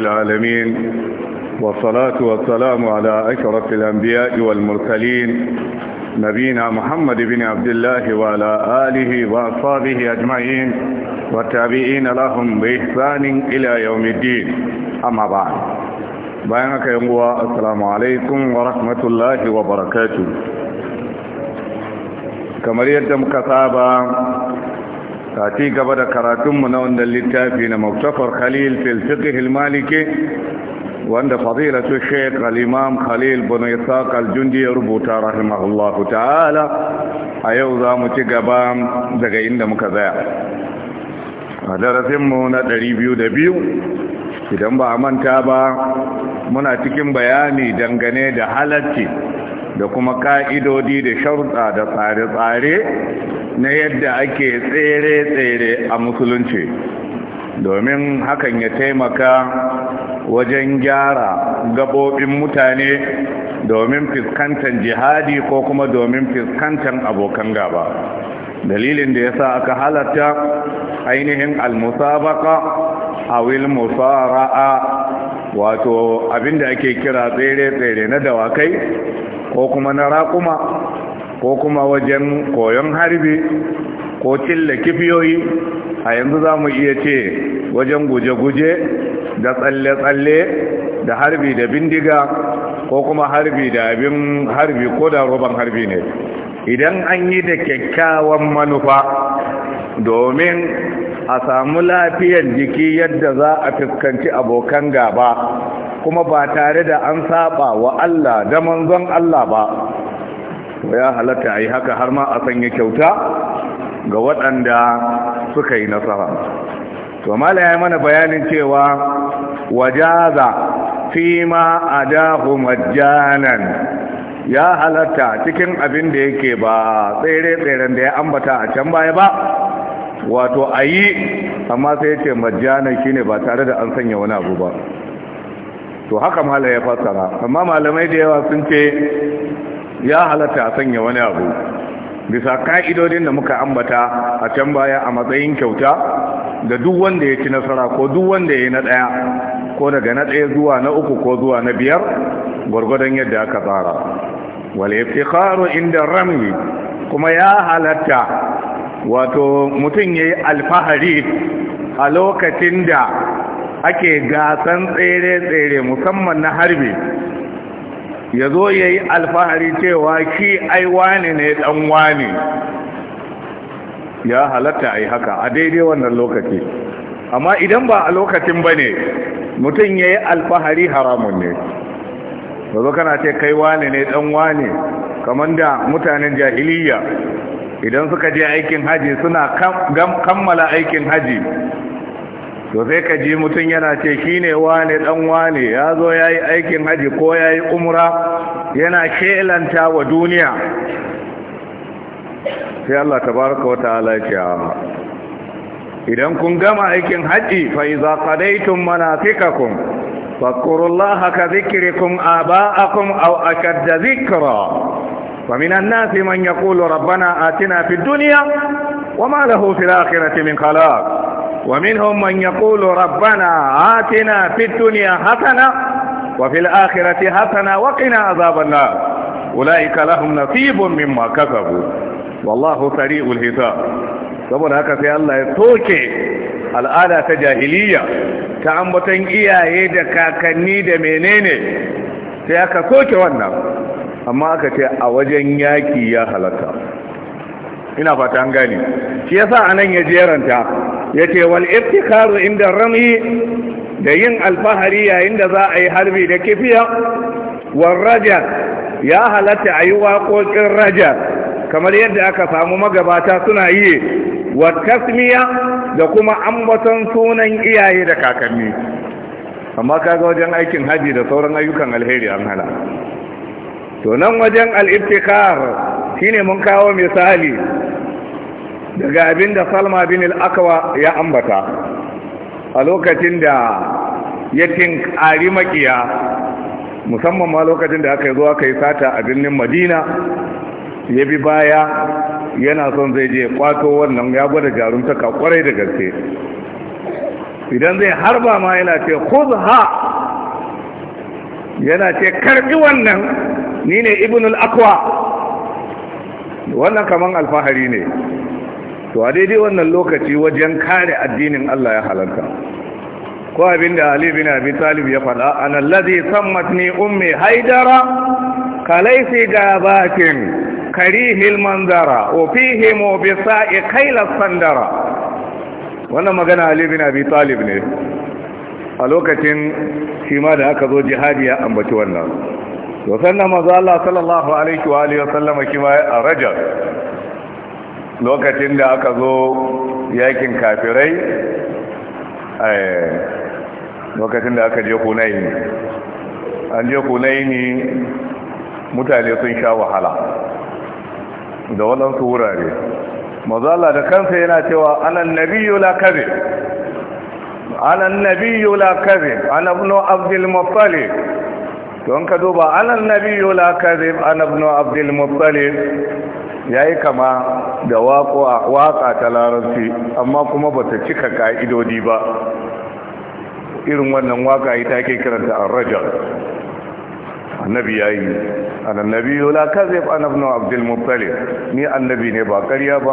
العالمين والصلاة والسلام على أشرف الأنبياء والمرسلين نبينا محمد بن عبد الله وعلى آله وأصحابه أجمعين والتابعين لهم بإحسان إلى يوم الدين أما بعد بينك يوم السلام عليكم ورحمة الله وبركاته كما يدم كتابا a ci gaba da karatunmu na wanda littafi na maktafar khalil filfiqihil maliki wanda fadilatu sheik al-imam khalil bin isaq al-jundi ya rubuta rahimahullahu ta'ala a yau za mu ci gaba daga inda muka zaya a darasinmu na 202 idan ba a manta ba muna cikin bayani dangane da halarci da kuma ka'idodi da sharuɗa da tsare-tsare na yadda ake tsere-tsere a musulunci domin hakan ya taimaka wajen gyara gabobin mutane domin fiskantar jihadi ko kuma domin fiskantar abokan gaba dalilin da ya sa aka halatta ainihin almusabaka a wil musara'a wato abinda ake kira tsere-tsere na dawakai ko kuma na raƙuma ko kuma wajen koyon harbi ko cilla kifiyoyi a yanzu za mu iya ce wajen guje-guje da tsalle-tsalle da harbi da bindiga ko kuma harbi da abin harbi ko da roban harbi ne idan an yi da kyakkyawan manufa domin a samu lafiyar jiki yadda za a fuskanci abokan gaba kuma ba tare da an saba wa Allah da manzon Allah ba ya halatta a yi haka har ma a sanya kyauta ga waɗanda suka yi nasara to mala ya mana bayanin cewa wajaza fi ma adahu majanan ya halatta cikin abin da yake ba tsere-tseren da ya ambata a can baya ba wato ayi, amma sai ce majana shine ba tare da an sanya wani abu ba to haka mala ya fassara amma malamai da yawa sun ce ya halatta a sanya wani abu bisa ka'idodin da muka ambata a can baya a matsayin kyauta da duk wanda ya ci nasara ko duk wanda ya yi na ɗaya ko daga na ɗaya zuwa na uku ko zuwa na biyar gwargwadon yadda aka tsara fi iftikharu inda Rami kuma ya halatta wato mutum ya yi alfahari a lokacin da ake gasan tsere-tsere musamman na harbi ya zo ya yi alfahari cewa ki ai wani ne dan wani ya halatta ai haka a daidai wannan lokaci amma idan ba a lokacin ba ne mutum ya yi alfahari haramun ne da zo kana ce kai wani ne dan wani kamar da mutanen jahiliya idan suka je aikin haji suna kammala aikin haji to sai ka ji mutum yana ce shi ne wane dan wane ya zo ya yi aikin haji ko ya yi umra yana shelanta wa duniya sai Allah tabaraka wa ta'ala ya ce idan kun gama aikin haji fa iza qadaytum manasikakum fadhkurullaha ka dhikrikum aba'akum aw akad zikra wa minan ومن man yaqulu rabbana atina fid dunya wa ma lahu fil akhirati min khalaq ومنهم من يقول ربنا آتنا في الدنيا حسنة وفي الآخرة حسنة وقنا عذاب النار أولئك لهم نصيب مما كسبوا والله سريع الحساب saboda haka sai Allah ya soke al'ada ta jahiliya ta ambaton iyaye da kakanni da menene sai aka soke wannan amma aka ce a wajen yaki ya halatta ina fata an gane shi yasa anan ya jeranta yace wal iftikaru inda rami da yin alfahari yayin da za a yi harbi da kifiya war raja ya halatta ayi waƙoƙin raja kamar yadda aka samu magabata suna yi wa tasmiya da kuma ambaton sunan iyaye da kakanni amma kaga wajen aikin haji da sauran ayyukan alheri an hala to nan wajen al'ibtikar shine mun kawo misali daga abinda salma bin al'akawa ya ambata a lokacin da ya ari makiya musamman ma lokacin da aka yi zuwa kai sata a birnin madina ya bi baya yana son zai je kwato wannan ya gwada jarumta ka kwarai da gaske idan zai harba ma yana ce khudha yana ce karbi wannan ni ne ibn al’akwa akwa wannan kaman alfahari ne to a daidai wannan lokaci wajen kare addinin Allah ya halarta ko abinda Ali bin abin Talib ya faɗa ana allazi sammatni ummi haidara kalaisi gabatin karihil manzara wa fihi mubisa'i kaila sandara wannan magana Ali bin Talib ne a lokacin shi ma da aka zo jihadi ya ambaci wannan to sannan maza Allah sallallahu alaihi wa sallama wasallam kima a Rajab lokacin da aka zo yakin kafirai eh, lokacin da aka je Hunayn an je Hunayn mutane sun sha wahala da waɗansu wurare mazala da kansa yana cewa anan nabiyu la kaze anan nabiyu la kaze ana ibn abdul muttalib don ka duba anan nabiyu la kadhib an ibn abdul muttalib yayi kama da waƙo waƙa ta larabci amma kuma bata cika ka'idodi ba irin wannan waƙa ita ke kiranta ar-rajul annabi yayi annabi la kadhib an ibn abdul muttalib ni annabi ne ba ƙarya ba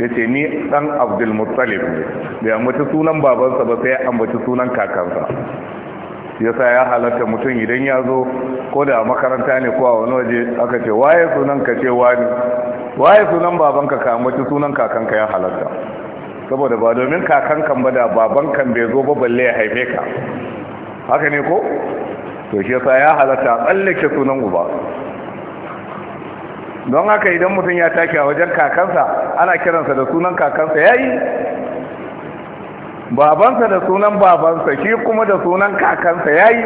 yace ni dan abdul muttalib ne bai ambaci sunan babansa ba sai ambaci sunan kakansa yasa ya halatta mutum idan ya zo ko da makaranta ne ko a wani waje aka ce waye sunan ka ce wani waye sunan babanka ka ambaci sunan kakanka ya halatta saboda ba domin kakankan ba da babankan bai zo ba balle ya haife ka haka ne ko to shi yasa ya halatta tsallake sunan uba don haka idan mutum ya take a wajen kakansa ana kiransa da sunan kakansa yayi babansa da sunan babansa shi kuma da sunan kakansa ya yi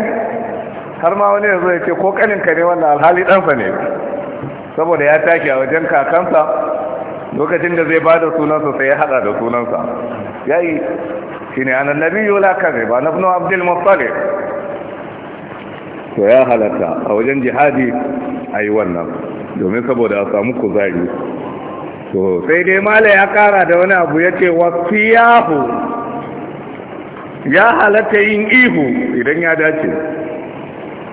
har ma wani yanzu ya ce ko kaninka ne wanda alhali ɗansa ne saboda ya tashi a wajen kakansa lokacin da zai ba da sunansa sai ya hada da sunansa yi shi ne anan nabi yola kare ba na fino abdul muttalib to ya halatta a wajen jihadi a yi wannan domin saboda a samu kuzari to sai dai mala ya kara da wani abu ya ce wasu yahu ya halatta yin ihu idan ya dace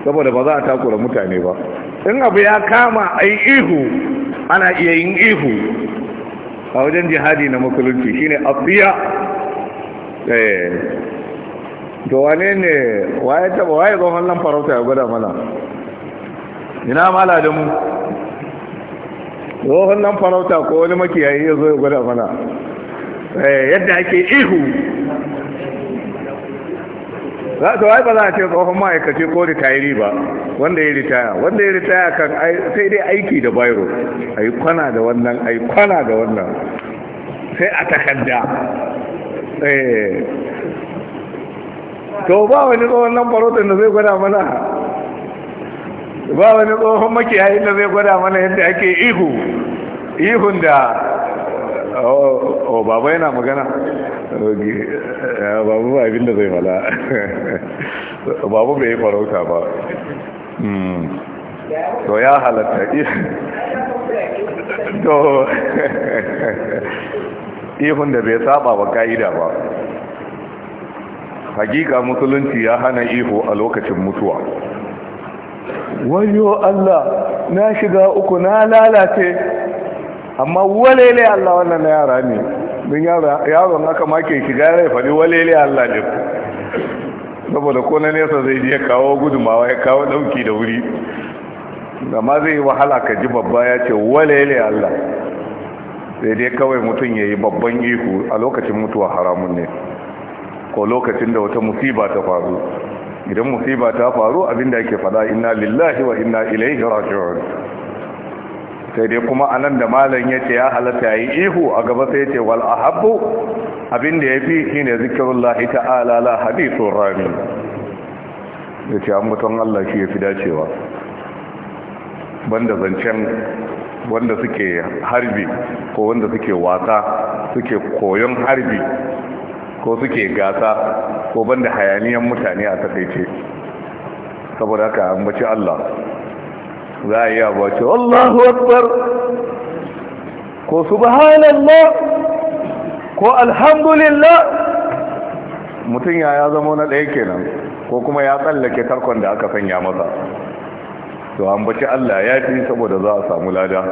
saboda ba za a takura mutane ba in abu ya kama a yi ihu ana iya yin ihu a wajen jihadi na musulunci shine ne eh to wane ne waye taba waye zo wannan farauta ya gwada mana ina mala da mu zo wannan farauta ko wani makiyayi ya zo ya gwada mana eh, yadda ake ihu za su wai ba za a ce tsohon ma'aikaci ko ritayiri ba wanda ya ritaya wanda ya ritaya kan sai dai aiki da bayro a yi kwana da wannan a yi kwana da wannan sai a takarda eh. to ba wani tsohon nan farotin da zai gwada mana ba wani tsohon makiyayin da zai gwada mana yadda ake ihu ihun da o oh, oh, baba yana magana eh, babu ba abinda zai babu bai yi farauta ba hmm. to ya halatta ihun da bai saba ba ka'ida ba hakika musulunci ya hana ihu a lokacin mutuwa wayo Allah na shiga uku na lalace amma walele Allah wannan na yara ne don yaron aka make shiga ya faɗi walele Allah ne saboda ko na nesa zai je kawo gudumawa ya kawo ɗauki da wuri ma zai yi wahala ka ji babba ya ce walele Allah sai dai kawai mutum ya yi babban ihu a lokacin mutuwa haramun ne ko lokacin da wata musiba ta faru idan musiba ta faru abinda yake faɗa inna lillahi wa inna ilaihi raji'un sai dai kuma anan da malam yace ya halatta yayi ihu a gaba sai yace wal ahabbu abin da yafi shine zikrullahi ta'ala la hadithur rami yace ambaton Allah shi yafi dacewa banda zancen wanda suke harbi ko wanda suke wasa suke koyon harbi ko suke gasa ko banda hayaniyan mutane a takaice saboda haka ambaci Allah za a iya bace Allahu akbar ko subhanallah ko alhamdulillah mutum ya zama na ɗaya kenan ko kuma ya tsallake tarkon da aka sanya masa to an bace Allah ya fi saboda za a samu lada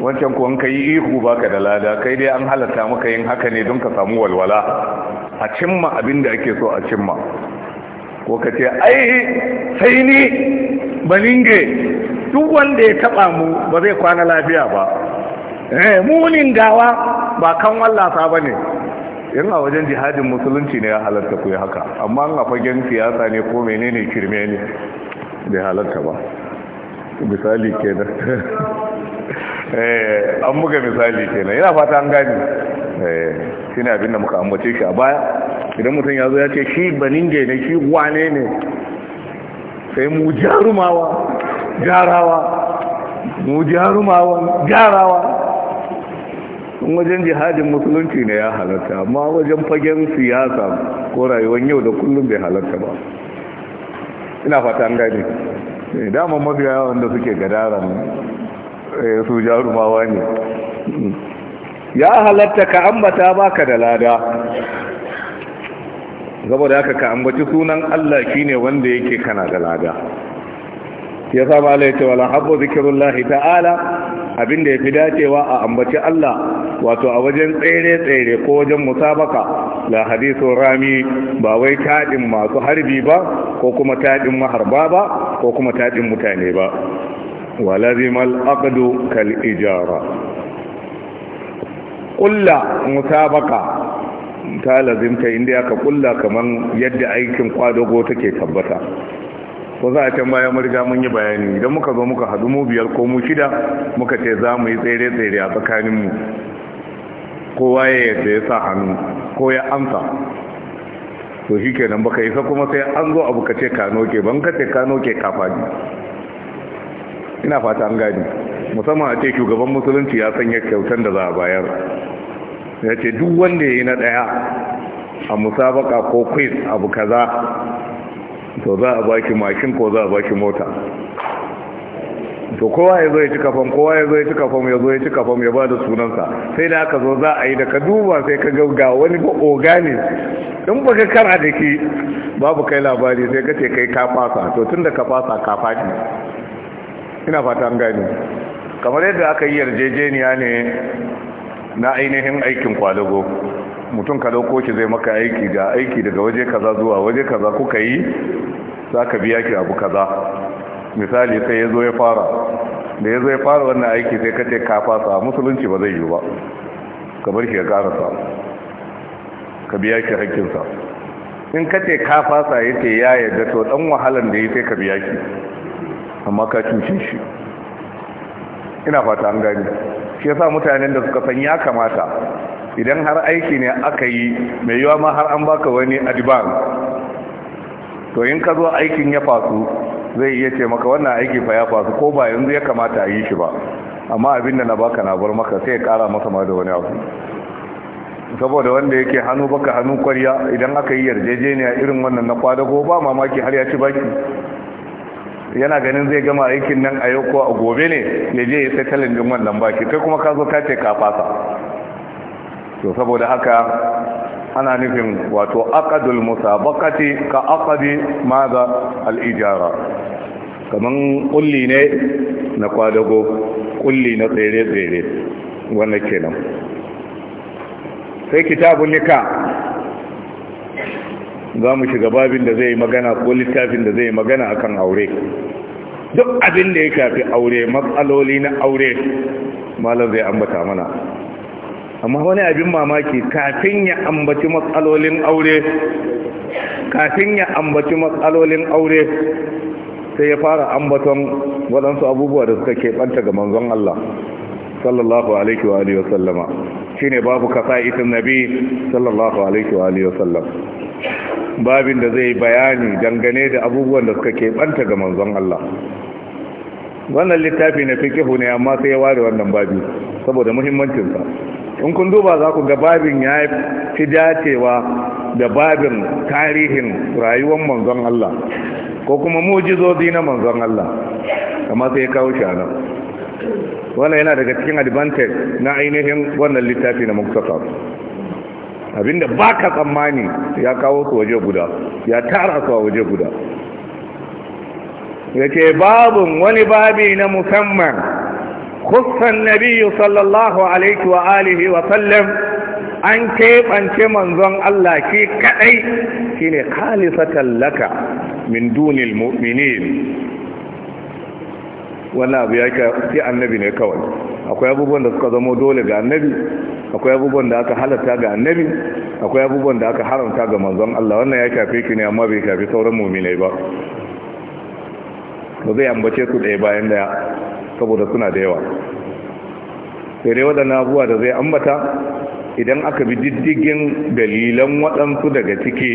wancan kuwan ka yi ihu baka da lada kai dai an halatta maka yin haka ne don ka samu walwala a cimma abin da ake so a cimma ko ka ce ai sai ni baninge duk wanda ya taba mu ba zai kwana lafiya ba eh munin gawa ba kan wallafa bane in a wajen jihadin musulunci ne ya halarta ku haka amma a fagen siyasa ne ko menene kirme ne da halarta ba misali kenan eh an buga misali kenan yana fata an gani eh shine abinda muka ambace shi a baya idan mutum ya zo ya ce shi baninge ne shi wane ne sai mu jarumawa garawa mu jarumawan garawa wajen jihadin musulunci ne ya halatta amma wajen fagen siyasa ko rayuwar yau da kullum bai halatta ba ina fata an gane eh, dama mafiya yawan da suke gadara eh, su jarumawa ne ya halatta ka ambata baka da lada saboda haka ka ambaci sunan Allah shine wanda yake kana da lada ya sa ba laita wala habbu ta'ala abinda yafi dacewa a ambaci Allah wato a wajen tsere tsere ko wajen musabaka la hadithu rami ba wai taɗin masu harbi ba ko kuma taɗin maharba ba ko kuma taɗin mutane ba walazimal aqdu kal ijara kulla musabaka ta lazimta inda aka kulla kamar yadda aikin kwadago take tabbata ko za a can baya mun mun yi bayani idan muka zo muka hadu mu biyar ko mu shida muka ce za mu yi tsere-tsere a tsakaninmu kowa ya yadda ya sa hannu ko ya amsa to shi ke nan baka isa kuma sai an zo abu ka ce ka noke ban ka ce ka noke ka faɗi ina fata an gani musamman a ce shugaban musulunci ya sanya kyautar da za a bayar ya ce duk wanda ya yi na ɗaya a musabaka ko quiz abu kaza to za a baki makin ko za a baki mota to kowa ya zo ya ci kafan kowa ya zo ya ci kafan ya zo ya ci kafan ya ba da sunansa sai da aka zo za a yi da ka duba sai ka ga wani ba oga in ba ka kara da babu kai labari sai ka ce kai ka fasa to tun da ka fasa ka fadi ina fata an gani kamar yadda aka yi yarjejeniya ne na ainihin aikin kwalago mutum ka dauko shi zai maka aiki ga aiki daga waje kaza zuwa waje kaza kuka yi za ka biya ki abu kaza misali sai ya zo ya fara da ya zo ya fara wannan aiki sai ka ce ka fasa musulunci ba zai yi ba ka bar shi ya karasa ka biya ki hakkinsa in ka ce ka fasa ya ce ya yadda to dan wahalan da ya sai ka biya ki amma ka cuce shi ina fata an gani shi yasa mutanen da suka san ya kamata idan har aiki ne aka yi mai yiwa ma har an baka wani adiban to in ka zo aikin ya fasu zai iya ce maka wannan aiki fa ya fasu ko ba yanzu ya kamata a yi shi ba amma abin da na baka na bar maka sai ya kara masa ma da wani abu saboda wanda yake hannu baka hannu kwarya idan aka yi yarjejeniya irin wannan na kwada ko ba mamaki har ya ci baki yana ganin zai gama aikin nan a yau ko a gobe ne ya je ya sai talin din wannan baki kai kuma ka zo ka ce ka fasa to saboda haka ana nufin wato aqadul musabaqati ka aqadi ma al-ijara kaman kulli ne na kwadago kulli na tsere tsere wannan kenan sai kitabun nika za mu shiga babin da zai magana ko littafin da zai magana akan aure duk abin da ya kafi aure matsaloli na aure malam zai ambata mana amma wani abin mamaki kafin ya ambaci matsalolin aure kafin ya ambaci matsalolin aure sai ya fara ambaton waɗansu abubuwa da suka keɓanta ga manzon Allah sallallahu alaihi wa alihi wa sallama shine babu kafaitin nabi sallallahu alaihi wa alihi wa sallam babin da zai bayani dangane da abubuwan da suka keɓanta ga manzon Allah wannan littafi na fikihu ne amma sai ya ware wannan babi saboda muhimmancinsa in kun duba za ku ga babin ya fi dacewa da babin tarihin rayuwar manzon Allah ko kuma mujizozi na manzon Allah kamar sai kawo shi wannan yana daga cikin advantage na ainihin wannan littafi na muktasar abinda baka tsammani ya kawo su waje guda ya tara su a waje guda ya ce babin wani babi na musamman خص النبي صلى an keɓance manzon Allah shi kaɗai shi ne khalifatan laka min dunil mu'minin wannan abu ya annabi ne kawai akwai abubuwan da suka zama dole ga annabi akwai abubuwan da aka halarta ga annabi akwai abubuwan da aka haramta ga manzon Allah wannan ya shafe ki ne amma bai shafi sauran mu'minai ba ba zai ambace su ɗaya bayan daya saboda suna da yawa sai dai waɗannan abubuwa da zai ambata idan aka bi diddigin dalilan waɗansu daga ciki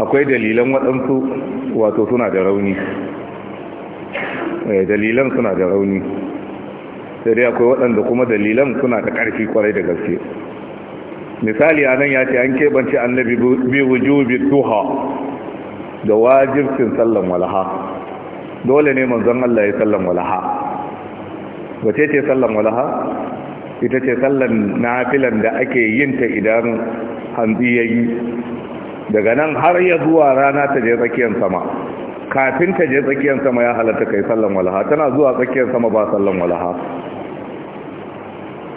akwai dalilan waɗansu wato suna da rauni eh, dalilan suna da rauni sai dai akwai waɗanda kuma dalilan suna da ƙarfi kwarai da gaske misali a nan ya ce an keɓance annabi bi wujubi duha da wajibcin sallan walaha dole ne manzon Allah ya sallan walaha wace ce sallan walaha ita ce sallan nafilan da ake yin ta idan hanzi ya yi daga nan har ya zuwa rana ta je tsakiyar sama kafin ta je tsakiyar sama ya halatta kai sallan walaha tana zuwa tsakiyar sama ba sallan walaha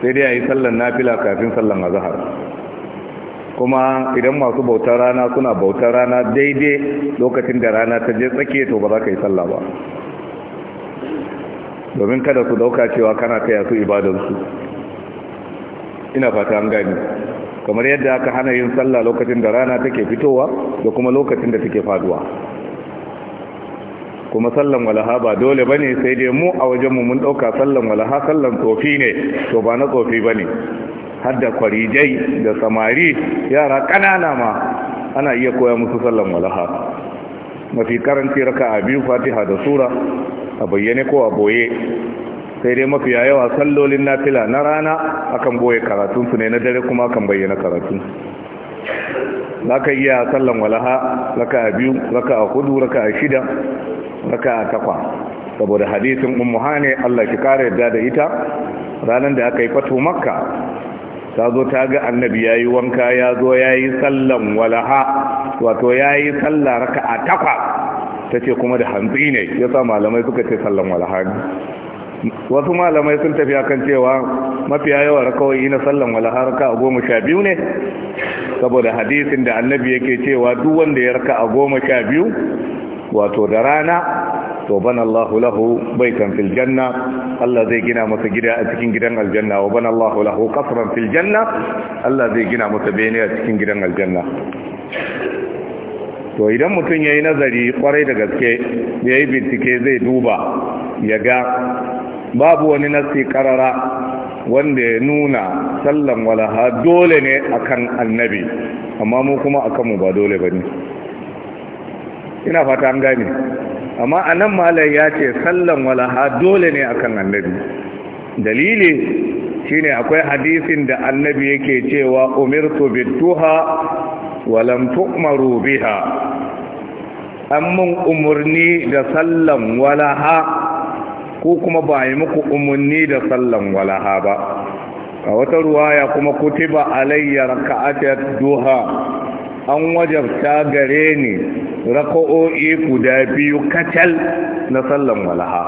sai dai a yi sallan nafila kafin sallan azahar kuma idan masu bautar rana suna bautar rana daidai lokacin da rana ta je tsakiya to ba za ka yi sallah ba domin kada su dauka cewa kana taya su ibadansu ina fata an gani kamar yadda aka hana yin sallah lokacin da rana take fitowa da kuma lokacin da take faduwa kuma sallan walaha ba dole bane sai dai mu a wajenmu mun dauka sallan walaha sallan tsofi ne to ba na tsofi bane har da kwarijai da samari yara kanana ma ana iya koya musu sallan walaha mafi karanci raka a biyu fatiha da sura a bayyane ko a boye sai dai mafi yawa sallolin nafila na rana akan boye karatunsu ne na dare kuma akan bayyana karatun za ka iya sallan walaha raka a biyu raka a hudu raka a shida raka a takwa saboda hadisin ummu hane Allah ki kare yadda da ita ranar da aka yi fato makka ta zo ta ga annabi ya yi wanka ya zo ya yi sallan walaha wato ya yi sallah raka a takwa ta ce kuma da hantsi ne ya sa malamai suka ce sallan walhani wasu malamai sun tafi akan cewa mafiya yawa rakawai na sallan walhar ka a goma sha biyu ne saboda hadisin da annabi yake cewa duk wanda ya raka a goma sha biyu wato da rana to ban Allah lahu bai fil janna Allah zai gina masa gida a cikin gidan aljanna wa ban Allah lahu qasran fil janna Allah zai gina masa bene a cikin gidan aljanna to idan mutum ya yi nazari kwarai da gaske ya yi bincike zai duba ya ga babu wani nasi karara wanda ya nuna sallan walaha dole ne akan annabi amma mu kuma kanmu ba dole ba ne ina fata an gane amma a nan malar ya ce sallan walaha dole ne akan annabi dalili shine akwai hadisin da annabi yake cewa umirtu bituha walam tu'maru biha amman umurni da sallan walaha ko kuma ba yi muku umurni da sallan walaha ba a wata ruwaya kuma kutiba alayya raka'atat duha an wajabta gare ni raka'o'i guda biyu kacal na sallan walaha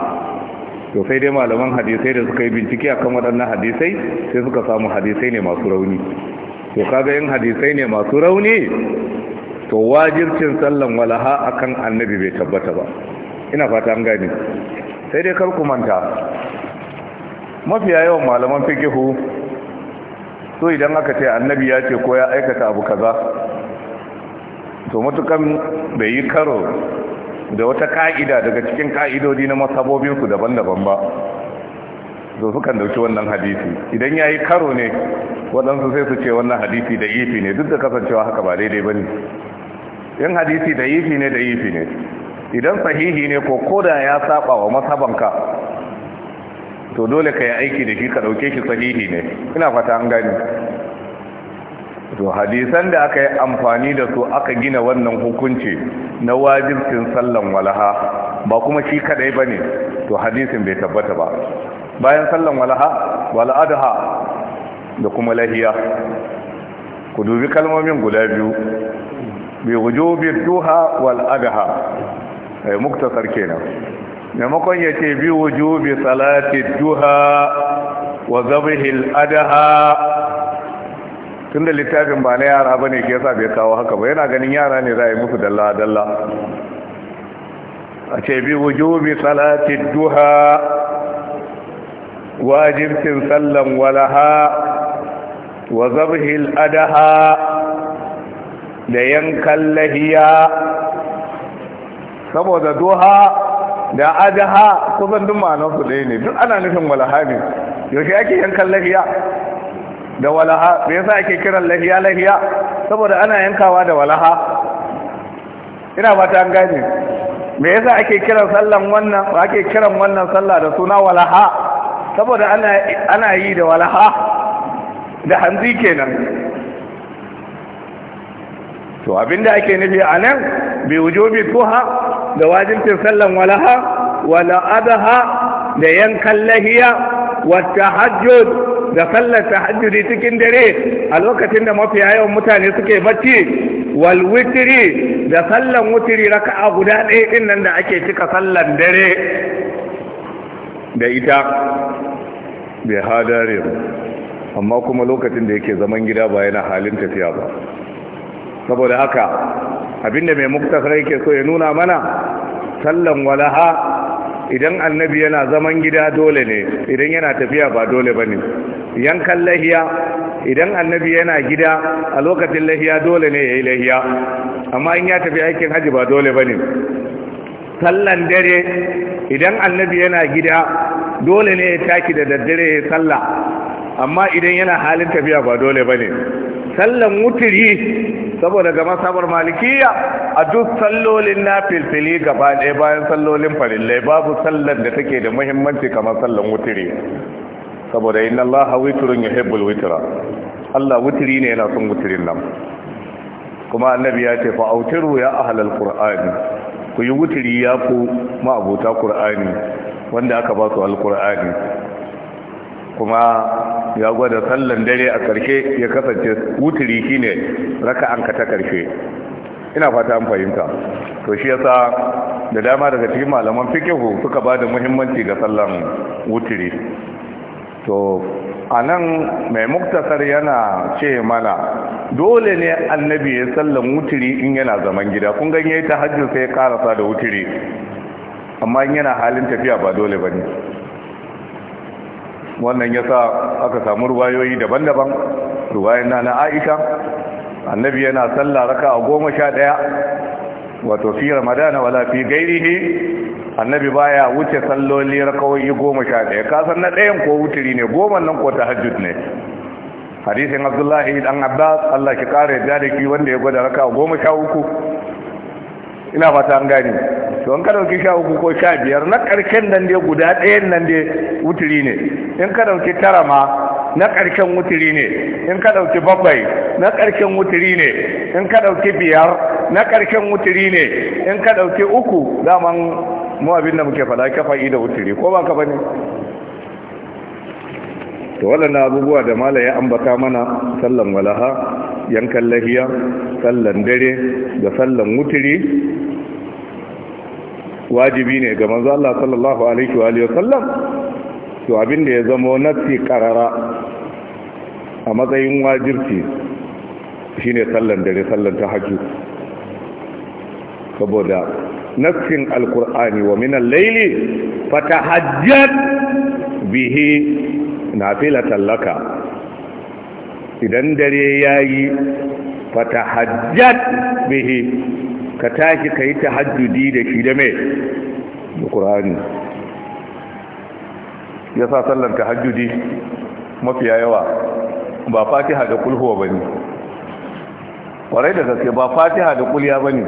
to sai dai malaman hadisai da suka yi bincike akan wadannan hadisai sai suka samu hadisai ne masu rauni to kaga yin hadisai ne masu rauni to wajibcin sallan walaha akan annabi bai tabbata ba ina fata an gani sai dai kar ku manta mafiya yawan malaman fikihu so idan aka ce annabi ya ce ko ya aikata abu kaza to matukan bai yi karo da wata ka'ida daga cikin ka'idodi na masabobinsu daban-daban ba to sukan dauki wannan hadisi idan yayi karo ne waɗansu sai su ce wannan hadisi da yifi ne duk da kasancewa haka ba daidai ba ne yin hadisi da yifi ne da yifi ne idan sahihi ne ko koda ya saba wa masabanka to dole ka yi aiki da shi ka ɗauke shi sahihi ne ina fata an gani to hadisan da aka yi amfani da su aka gina wannan hukunci na wajibcin sallan walaha ba kuma shi kadai bane to hadisin bai tabbata ba bayan sallan walaha wal da kuma lahiya ku dubi kalmomin guda biyu bi wujubi duha wal ay eh, muktasar kenan maimakon ya ce bi wujubi salati duha wa zabihil adha Tunda littafin ba na yara ba ne ke yasa bai kawo haka ba yana ganin yara ne za a yi musu dalla-dalla a ce bi wujubi salati duha wajibcin sallan walaha wa zabhil adaha da yankan lahiya saboda doha da adaha kusan duk ma'anarsu ɗaya ne duk ana nufin walaha ne yaushe ake yankan lahiya da walaha me yasa ake kiran lahiya lahiya saboda ana yankawa da walaha ina ba ta gane me yasa ake kiran sallan wannan ake kiran wannan sallah da suna walaha saboda ana yi da walaha da hanzi kenan to abinda ake nufi a nan bi tuha da wajibcin sallan walaha wala adaha da yankan lahiya wata hajjud da sallar tahajjudi cikin dare a lokacin da mafiya yawan mutane suke bacci wal da sallan wutiri raka'a guda ɗaya ɗin nan da ake cika sallan dare da ita bai ba amma kuma lokacin da yake zaman gida ba yana halin tafiya ba saboda haka abinda mai muktasar yake so ya nuna mana sallan walaha idan annabi yana zaman gida dole ne idan yana tafiya ba dole ba ne yankan lahiya idan annabi yana gida a lokacin lahiya dole ne ya yi lahiya amma in ya tafi aikin haji ba dole ba ne sallan dare idan annabi yana gida dole ne ya taki da daddare ya salla amma idan yana halin tafiya ba dole ba ne sallan wuturi saboda ga masabar malikiya a duk sallolin na filfili gaba ɗaya bayan sallolin farillai babu sallan da take da muhimmanci kamar sallan wuturi saboda inna allaha witrun yuhibbul witra allah wuturi ne yana son wuturin nan kuma annabi ya ce fa autiru ya ahlal qur'ani ku yi wuturi ya ku ma'abuta ƙur'ani wanda aka ba su alƙur'ani kuma ya gwada sallan dare a ƙarshe ya kasance wuturi shine raka'anka ta ƙarshe ina fata an fahimta to shi yasa da dama daga cikin malaman fikihu suka ba da muhimmanci ga sallan wuturi to a nan mai muktasar yana ce mana dole ne annabi ya sallan wuturi in yana zaman gida kun ganye ta hajji sai ya karasa da wuturi amma in yana halin tafiya ba dole ba ne wannan ya sa aka samu ruwayoyi daban-daban ruwayen na na aisha annabi yana sallah raka a goma sha ɗaya wato fi ramadana wala fi gairihi annabi baya wuce salloli rakawai goma sha ɗaya kasan na ɗayan ko wuturi ne goma nan ko ta hajjud ne hadisin abdullahi dan abbas allah ki kare da da ki wanda ya gwada raka goma sha uku ina fata an gani to an ka sha uku ko sha biyar na ƙarshen nan dai guda ɗayan nan dai wuturi ne in ka dauki tara ma na ƙarshen wuturi ne in ka ɗauki bakwai na ƙarshen wuturi ne in ka ɗauki biyar na ƙarshen wuturi ne in ka ɗauki uku zaman. mu abin da muke fada kafa ido wuturi ko ba ka bane to waɗannan abubuwa da mala ya ambata mana sallan walaha yankan lahiya sallan dare da sallan wuturi wajibi ne ga manzo Allah sallallahu alaihi wa alihi wasallam to abin da ya zama nafsi karara a matsayin wajibci shine sallan dare sallan tahajjud saboda nassin alkur'ani wa minan laili به bihi لك laka idan dare yayi fatahajjat bihi ka tashi kai tahajjudi da shi da mai alkur'ani yasa sallar tahajjudi mafiya yawa ba fatiha da kulhuwa bane kwarai da gaske ba fatiha da kuliya bane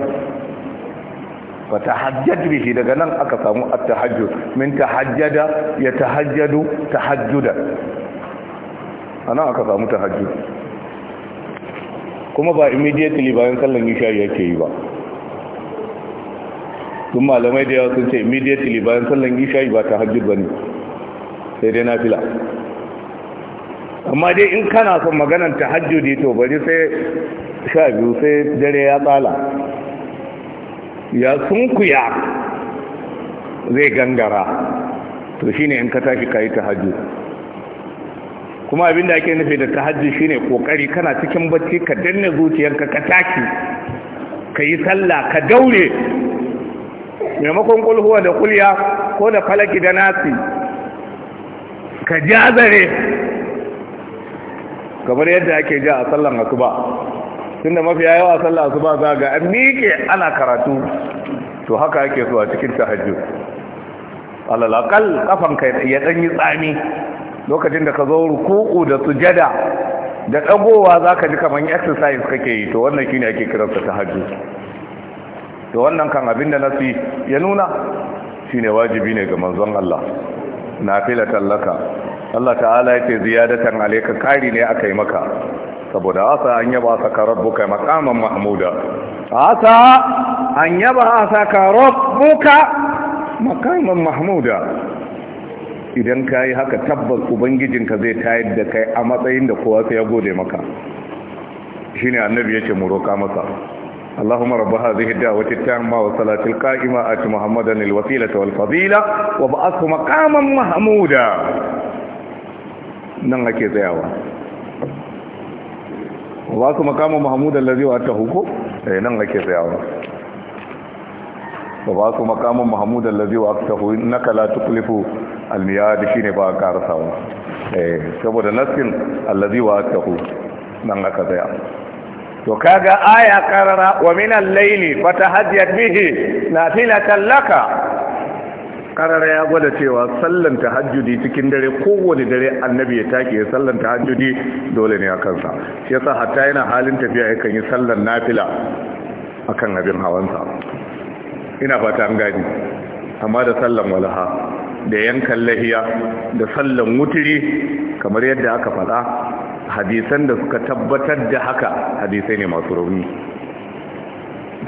fatahajjad bihi daga nan aka samu at-tahajjud min tahajjada yatahajjadu a nan aka samu tahajjud kuma ba immediately bayan sallan isha yake yi ba tun malamai da yawa sun ce immediately bayan sallan isha ba tahajjud bane sai dai nafila amma dai in kana son maganar tahajjudi to bari sai sha biyu sai dare ya tsala ya sunkuya zai gangara to shine in ka tashi ta tahajjud kuma abinda ake nufi da shi shine kokari kana cikin bacci ka danne zuciyarka ka taki ka yi sallah ka daure maimakon kulhuwa da kulya ko da falaki da nasi ka jazare kamar yadda ake ja a sallan asuba tunda mafi yawa sallah su za ga an miƙe ana karatu to haka ake so cikin tahajjud alal aqal kafan ka ya dan yi tsami lokacin da ka zo ruku'u da sujada da dagowa zaka ji kaman exercise kake yi to wannan shine ake kiransa tahajjud to wannan kan abinda nasi ya nuna shine wajibi ne ga manzon Allah nafilatan laka Allah ta'ala yake ziyadatan alayka kari ne akai maka saboda asa an yaba saka rabbuka makaman mahmuda asa an yaba saka rabbuka makaman mahmuda idan kai haka tabbas ubangijinka zai tayar da kai a matsayin da kowa sai ya gode maka shine annabi yake mu ka masa اللهم رب هذه الدعوة التامة والصلاة القائمة آت محمدا الوسيلة والفضيلة وابعثه مقاما محمودا نعم tsayawa. ba su makamu mahamudu lazi wa ta huko eh nan ake tsayawa ba ba su makamu mahamudu lazi wa ta huko innaka la da shi ne ba ka rasawa eh saboda naskin allazi wa ta huko nan aka tsaya to kaga aya karara wa min al-layli fatahajjat bihi nafilatan laka karara ya gwada cewa sallan tahajjudi cikin dare kowane dare annabi ya take ya sallan tahajjudi dole ne a kansa shi yasa hatta yana halin tafiya yakan yi sallan nafila kan abin hawansa ina fata an gani amma da sallan walaha da yankan lahiya da sallan wuturi kamar yadda aka faɗa hadisan da suka tabbatar da haka hadisai ne masu rauni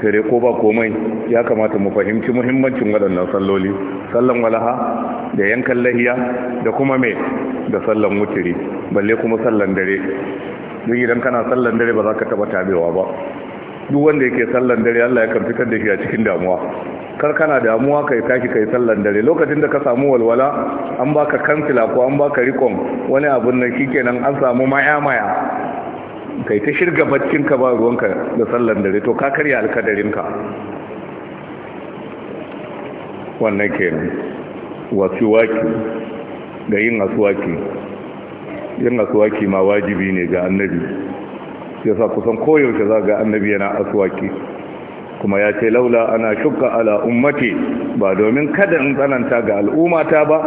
Gare, ko ba komai ya kamata mu fahimci muhimmancin waɗannan salloli sallan walaha da yankan lahiya da kuma mai da sallan mutiri, balle kuma sallan dare duk idan kana sallan dare ba za ka taɓa tabewa ba duk wanda yake sallan dare Allah ya kan fitar da shi a cikin damuwa kar kana damuwa kai tashi kai sallan dare lokacin da ka samu walwala an baka kansila ko an baka rikon wani abun nan shikenan an samu maya maya kai ta shirga baccinka ba ruwanka da sallan dare to ka karya alkadarinka wannan kenan wasuwaki da yin asuwaki yin asuwaki ma wajibi ne ga annabi yasa kusan koyaushe za ga annabi yana asuwaki kuma ya ce laula ana shukka ala ummati ba domin kada in tsananta ga al'ummata ba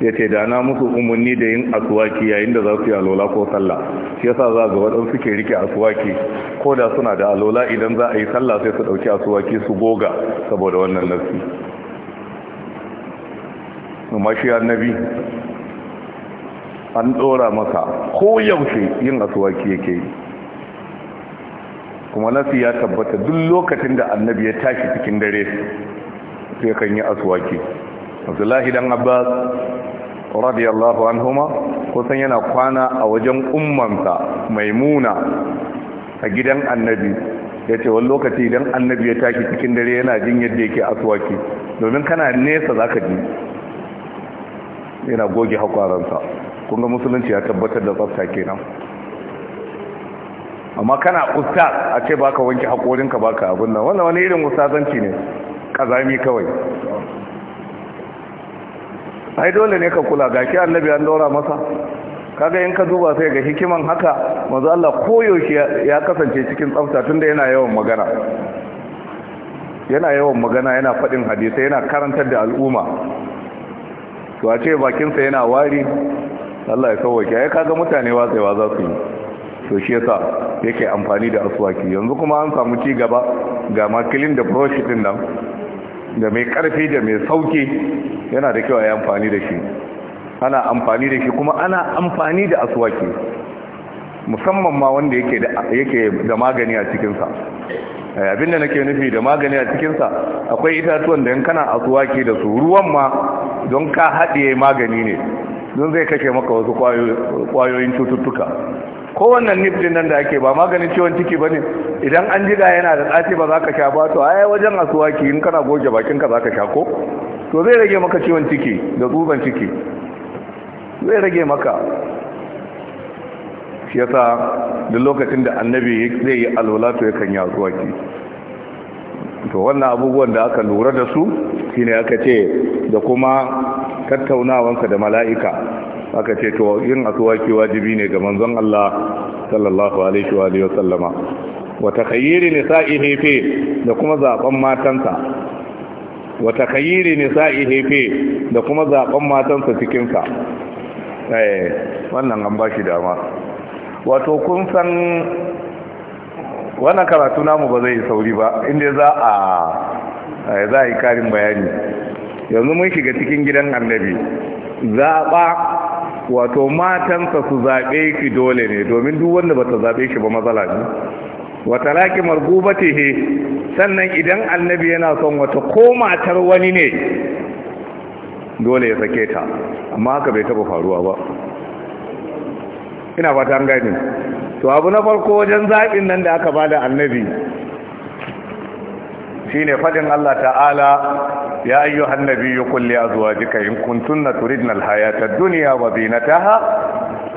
ya ce da na musu umarni da yin asuwaki yayin da za su yi alola ko sallah shi yasa za ga waɗansu ke rike asuwaki ko da suna da alola idan za a yi sallah sai su ɗauki asuwaki su goga saboda wannan nasi amma shi annabi an ɗora masa ko yaushe yin asuwaki yake yi kuma nasi ya tabbata duk lokacin da annabi ya tashi cikin dare sai kan yi asuwaki abdullahi dan abbas radiyallahu anhuma kusan yana kwana a wajen ummansa maimuna a gidan annabi ya ce wani lokaci idan annabi ya tashi cikin dare yana jin yadda yake asuwaki domin kana nesa za ka ji yana goge haƙwaransa kunga musulunci ya tabbatar da tsafta kenan amma kana kusa a ce baka wanke haƙorinka baka abin nan wannan wani irin ustazanci ne ƙazami kawai ai dole ne ka kula gashi annabi an daura masa kaga in ka duba sai ga hikiman haka manzo Allah koyaushe ya kasance cikin tsafta tunda yana yawan magana yana yawan magana yana faɗin hadisi yana karantar da al'umma to a ce bakinsa yana wari Allah ya sauwake ya kaga mutane watsewa za su yi to shi yasa yake amfani da aswaki yanzu kuma an samu ci gaba ga makilin da brush din nan da mai karfi da mai sauki yana da kyau a yi amfani da shi ana amfani da shi kuma ana amfani da aswaki musamman ma wanda yake da yake magani a cikinsa eh, abinda nake nufi da magani a cikinsa akwai itatuwan da in kana aswaki da su ruwan ma don ka haɗiye magani ne don zai kashe maka wasu kwayoyin cututtuka kowannan nif din nan da ake ba maganin ciwon ciki ba ne idan an jiga yana da tsaci ba za ka sha ba to ai wajen asuwaki in kana goge bakinka za ka sha ko to zai rage maka ciwon ciki da tsuban ciki zai rage maka shi yasa da lokacin da annabi zai yi alwala to yakan yi asuwaki to wannan abubuwan da aka lura da su shine aka ce da kuma tattaunawanka da mala'ika aka ce to yin asuwaki wajibi ne ga manzon Allah sallallahu alaihi wa alihi wasallama wa takhayyir nisa'ihi fi da kuma zaban matansa wa takhayyir nisa'ihi fi da kuma zaban matansa cikin ka eh wannan an bashi dama wato kun san wannan karatu namu ba zai sauri ba inda za a eh, za a yi karin bayani yanzu mun shiga cikin gidan annabi zaɓa wato matansa su zaɓe ki dole ne domin duk wanda ba ta zaɓe shi ba matsala ne wa talaki margubatihi sannan idan annabi yana son wata ko matar wani ne dole ya sake ta amma haka bai taba faruwa ba ina fata an gani to abu na farko wajen zaɓin nan da aka bada annabi shine fadin Allah ta'ala ya ayyuha annabiyyu qul zuwa azwajika in kuntunna turidna alhayata ad duniya wa zinataha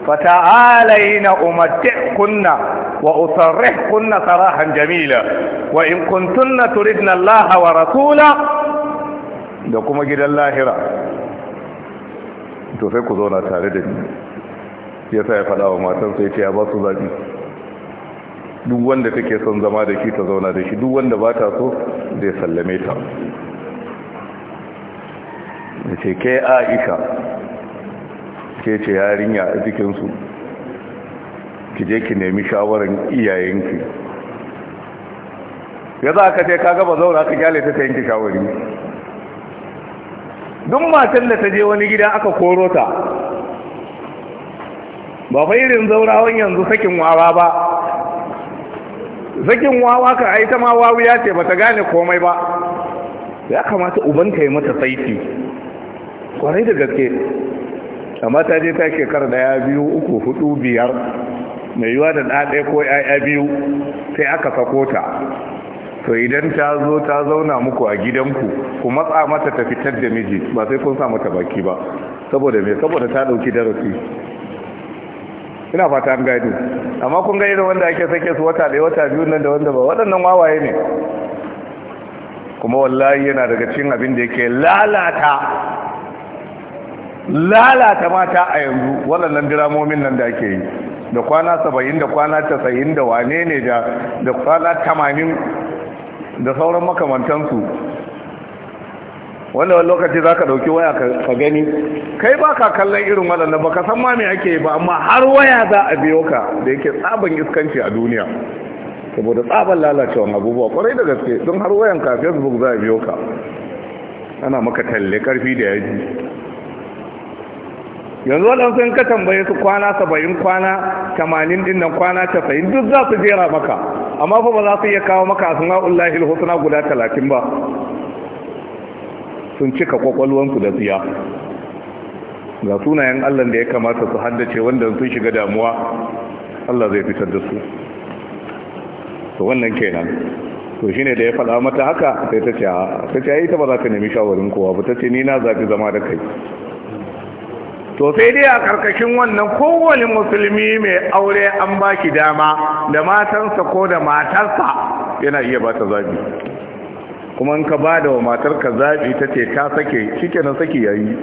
fata'alayna umatti'kunna wa usarrihkunna sarahan jamila wa in kuntunna turidna allaha wa rasula da kuma gidan lahira to sai ku zauna tare da ni yasa ya faɗa wa matan sai ce ya ba su zaɓi duk wanda take son zama da shi ta zauna da shi duk wanda ba ta so zai sallame ta da ce ke aisha ke ce yarinya a cikinsu ki je ki nemi shawarar iyayenki ya za ka ce kaga ba zaura ka gyale ta ta yanki shawari Don matan da ta je wani gida aka koro ta ba fa irin zaurawan yanzu sakin wawa ba sakin wawa ka aita ta wawu ya ce ba ta gane komai ba ya kamata ubanta ya mata saiti kwarai da gaske amma ta je ta shekara daya biyu uku hudu biyar mai yiwa da ɗaɗe ko ya'ya biyu sai aka sako ta to idan ta zo ta zauna muku a gidanku ku matsa mata ta fitar da miji ba sai kun sa mata baki ba saboda me saboda ta ɗauki darasi ina fata an gani amma kun ga irin wanda ake sake su wata ɗaya wata biyu nan da wanda ba waɗannan wawaye ne kuma wallahi yana daga cikin abin da yake lalata lalata mata a yanzu waɗannan diramomin nan da ake yi da kwana saba'in da kwana tasa'in da wane ne da kwana tamanin da sauran makamantansu wanda wani lokaci za ka ɗauki waya ka gani kai ba ka kallon irin waɗanda ba ka san ma me ake yi ba amma har waya za a biyo ka da yake tsaban iskanci a duniya saboda tsaban lalacewa abubuwa kwarai da gaske don har wayan ka facebook za a biyo ka ana maka talle karfi da yaji yanzu waɗansu in ka tambaye su kwana saba'in kwana tamanin din nan kwana tasa'in duk za su jera maka amma fa ba za su iya kawo maka a asma'ullahi alhusna guda talatin ba sun cika kwakwalwansu da tsiya ga sunayen allah da ya kamata su haddace wanda sun shiga damuwa allah zai fitar da su to wannan kenan to shine da ya faɗa mata haka sai ta ce ta ce ita ba za ta nemi shawarin kowa ba ta ce ni na zafi zama da kai to sai dai a karkashin wannan kowane musulmi mai aure an baki dama da matansa ko da matarsa yana iya ba ta zabi kuma in ka ba da wa matarka zabi ta ce ta sake shi kenan sake yayi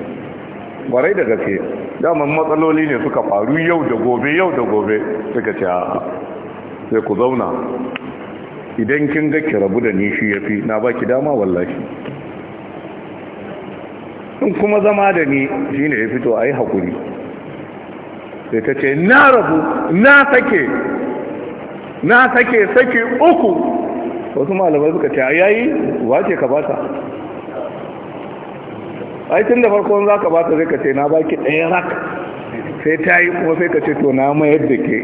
gwarai da gaske daman matsaloli ne suka faru yau da gobe yau da gobe suka ce a sai ku zauna idan kin ga ki rabu da ni shi yafi na baki dama wallahi in kuma zama da ni ne ya fito a yi haƙuri sai ta ce na rabu na sake na sake sake uku wasu malamai suka ce a yayi wace ka bata ai tun da farko za ka bata zai ka ce na baki ɗaya rak sai ta yi kuma sai ka ce to na mayar da ke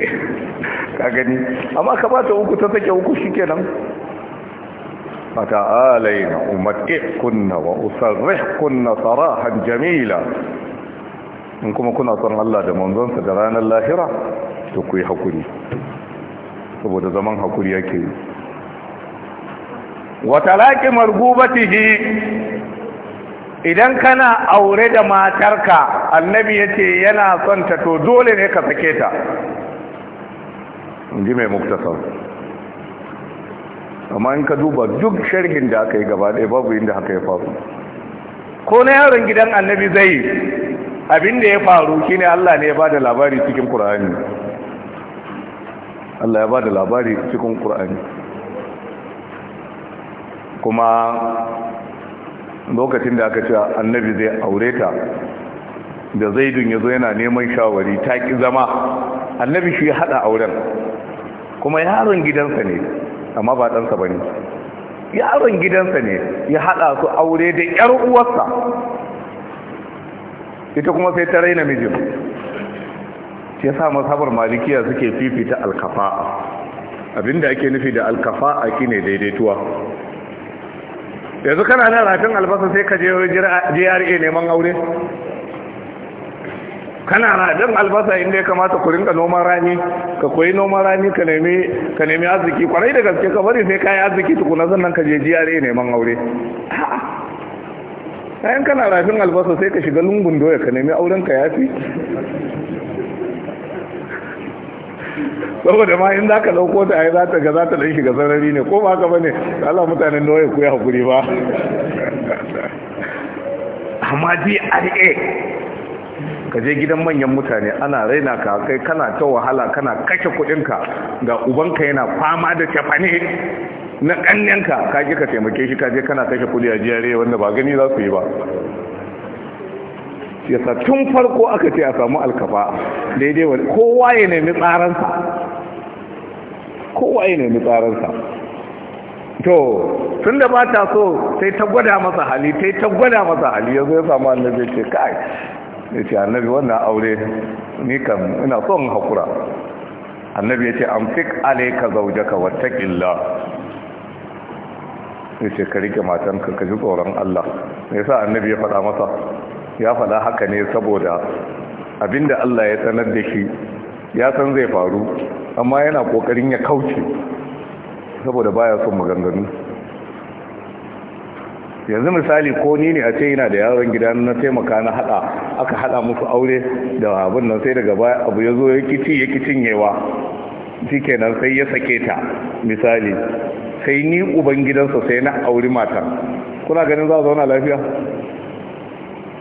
ka gani amma ka bata uku ta sake uku shi nan? فتعالينا أمتئكن وأسرحكن صراحا جميلا in kuma kuna son Allah da manzonsa da ranar lahira to ku yi hakuri saboda zaman hakuri yake yi wata idan kana aure da matarka annabi ya ce yana son ta to dole ne ka sake ta in ji mai muktasar amma in ka duba duk sharhin da aka yi gaba ɗaya babu inda haka ya faru ko na yaron gidan annabi zai abin da ya faru shine Allah ne ya ba da labari cikin ƙura'ani Allah ya ba da labari cikin ƙura'ani kuma lokacin da aka ce annabi zai aure ta da zaidun ya zo yana neman shawari ta ki zama annabi shi ya hada auren kuma yaron gidansa ne amma ba ɗansa ba ne yaron gidansa ne ya haɗa su aure da ƴar uwarsa ita kuma sai ta raina mijin ya sa masabar malikiya suke fifita alkafa'a abinda ake nufi da alkafa'a ne daidaituwa yanzu kana nan ratin albasa sai ka je jra neman aure kana na jan albasa inda ya kamata ku rinka noman rani ka koyi noman rani ka nemi ka nemi arziki kwarai da gaske ka bari sai kayi arziki tukuna sannan ka je jiyare neman aure kayan kana rafin albasa sai ka shiga lungun doya ka nemi auren ka yafi saboda ma in za ka ɗauko ta ai za ta ga za ta ɗan shiga sarari ne ko ba haka ba ne Allah mutanen doya ku yi hakuri ba amma DRA ka je gidan manyan mutane ana raina ka kai kana ta wahala kana kashe kudinka ga ubanka yana fama da tafane na ƙanyanka ka ji ka taimake shi ka je kana kashe kudi a jiyare wanda ba gani za su yi ba yasa tun farko aka ce a samu alkafa daidai wani kowa ya nemi tsaransa kowa ya nemi tsaransa to tun da ba ta so sai ta gwada masa hali sai ta gwada masa hali yanzu ya samu annabi ce kai ya ce annabi wannan aure ni kam ina son haƙura annabi ya ce fiƙ alaika zaujaka wattaƙilla ya ce ka rike matanka ka ji tsoron Allah ya sa annabi ya faɗa masa ya faɗa haka ne saboda abinda Allah ya sanar da shi ya san zai faru amma yana ƙoƙarin ya kauce saboda baya son maganganu yanzu misali ko ni ne a ce yana da yaron gida na taimaka na hada aka hada musu aure da abin nan sai daga baya abu ya zo ya kici ya shi kenan sai ya sake ta misali sai ni uban gidansa sai na auri mata kuna ganin za a zauna lafiya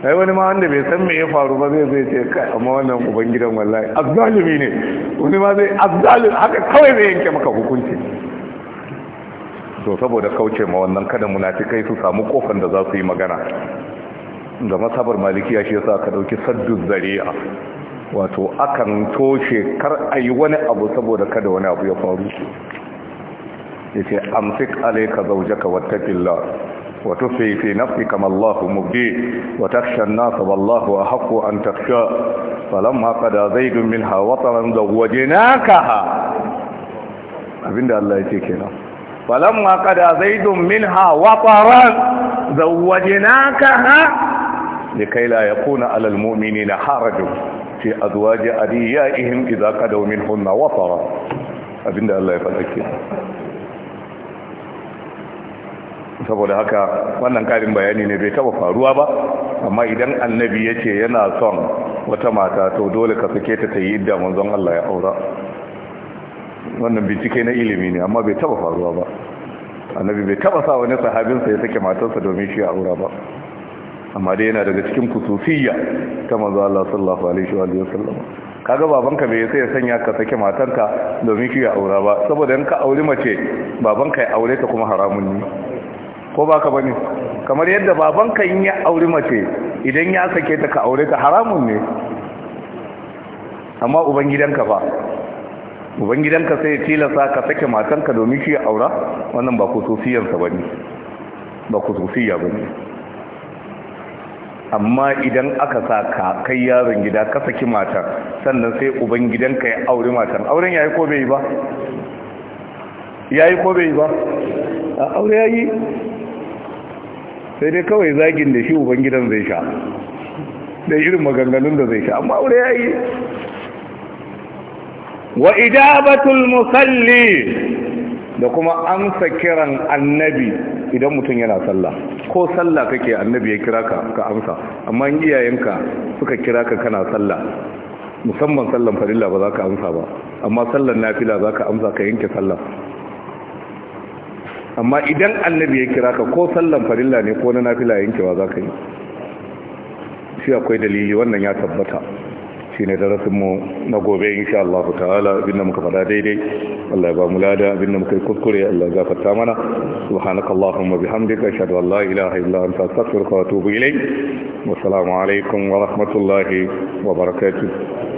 ai wani ma wanda bai san me ya faru ba zai zai ce kai amma wannan uban gidan wallahi azzalimi ne wani ma zai azzalimi haka kawai zai yanke maka hukunci to saboda kauce ma wannan kada munafikai su samu kofan da za su yi magana da masabar malikiya shi yasa aka dauki saddu zari'a wato akan toshe kar a yi wani abu saboda kada wani abu ya faru yace amsik alayka zawjaka wattaqillah wa tufi fi nafsika ma Allahu mubdi wa takhsha an-nas wallahu ahqqu an takhsha falamma qada zaidun minha wataran zawwajnakaha abinda Allah yake kenan falamma qada zaidun minha wa taran Da likai la yakuna alal mu'minina harajun fi azwaji adiyaihim idza qadaw minhunna wa taran abinda Allah ya faɗa ke saboda haka wannan karin bayani ne bai taba faruwa ba amma idan annabi ya ce yana son wata mata to dole ka sake ta ta yi idda manzon Allah ya aura wannan bincike na ilimi ne amma bai taba faruwa ba annabi bai taba sa wani sahabinsa ya sake matarsa domin shi aura ba amma dai yana daga cikin kususiyya ta manzo Allah sallallahu alaihi wa sallam kaga babanka bai sai ya sanya ka sake matarka domin shi aura ba saboda in ka aure mace babanka ya aure ta kuma haramun ne ko baka bane kamar yadda babanka in ya aure mace idan ya sake ta ka aure ta haramun ne amma ubangidanka fa ubangidanka sai ya tilasa ka sake matanka domin shi ya aura wannan ba kususiyarsa ba ne ba kususiya ba ne amma idan aka sa ka kai yaron gida ka saki matar sannan sai ubangidanka ya aure matar auren ya yi ko bai ba ya yi ko bai ba a aure ya yi sai dai kawai zagin da shi ubangidan zai sha da irin maganganun da zai sha amma aure ya yi wa ijabatul musalli da kuma amsa kiran annabi idan mutum yana sallah ko sallah kake annabi ya kira ka ka amsa amma iyayenka suka kira ka kana sallah musamman sallan farilla ba za ka amsa ba amma sallan nafila za ka amsa ka yanke sallah amma idan annabi ya kira ka ko sallan farilla ne ko na nafila yankewa za ka yi shi akwai dalili wannan ya tabbata shi ne darasinmu na gobe insha Allah ta'ala abinda muka fada daidai Allah ya ba mu lada abinda muka yi kuskure Allah ya gafarta mana subhanaka allahumma bihamdika ashhadu an la ilaha illa anta astaghfiruka wa atubu ilayk wa assalamu alaikum wa rahmatullahi wa barakatuh